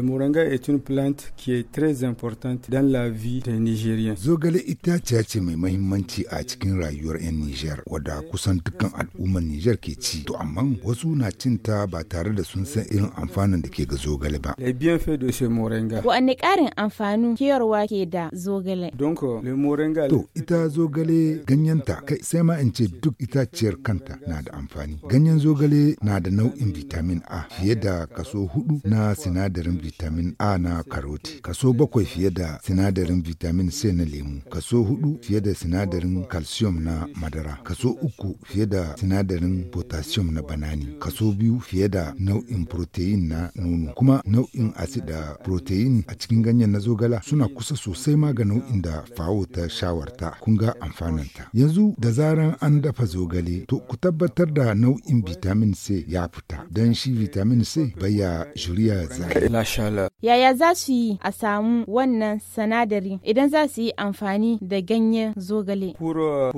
Le moringa est une plante qui est très importante dans la vie des Nigériens. Zogale ita ce mai mahimmanci a cikin rayuwar 'yan Nijar wadda kusan dukkan al'ummar Nijar ke ci. To amma wasu na cin ta ba tare da sun san irin amfanin da ke ga zogale ba. Les bienfaits de ce moringa. Wa'anne karin amfanu kiyarwa ke da zogale? Donc le moringa. To ita zogale ganyenta kai sai ma in ce duk itaciyar kanta na da amfani. Ganyen zogale na da nau'in vitamin A fiye da kaso hudu na sinadarin vitamin vitamin A na karoti. kaso bakwai fiye da sinadarin vitamin C na lemu, kaso hudu fiye da sinadarin calcium na madara, kaso uku fiye da sinadarin potassium na banani, kaso biyu fiye da nau'in protein na nono, kuma nau'in acid da protein a cikin ganyen na zogala suna kusa sosai ma ga nau'in da fawo ta shawarta kun ga amfaninta. Yanzu da zaran an dafa zogale to ku tabbatar da nau'in vitamin C ya fita don shi vitamin C bai ya juriya zai. Allah. Yaya za su yi a samu wannan sanadari idan za su yi amfani da ganyen zogale? Euh,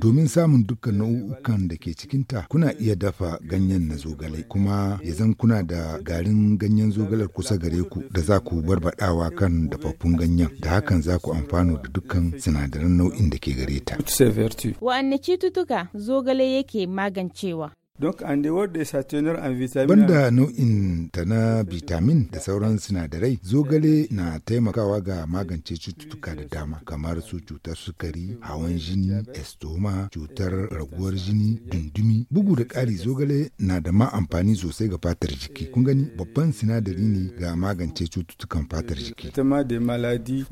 Domin samun dukkan nau'ukan da ke cikinta kuna iya dafa ganyen na zogale kuma ya zan kuna da garin ganyen zogalar kusa gare ku da za ku barbaɗawa kan dafaffun ganyen da hakan za ku amfano da dukkan sinadaran nau'in da ke gare ta. Wa'anne cututtuka zogale yake magancewa? Banda nau'in ta na vitamin da sauran sinadarai, zogale na taimakawa ga magance cututtuka da dama kamar su cutar sukari, hawan jini, estoma, cutar raguwar jini, dundumi. Bugu da ƙari zogale na da ma amfani sosai ga fatar jiki. Kun gani babban sinadari ne ga magance cututtukan fatar jiki. maladi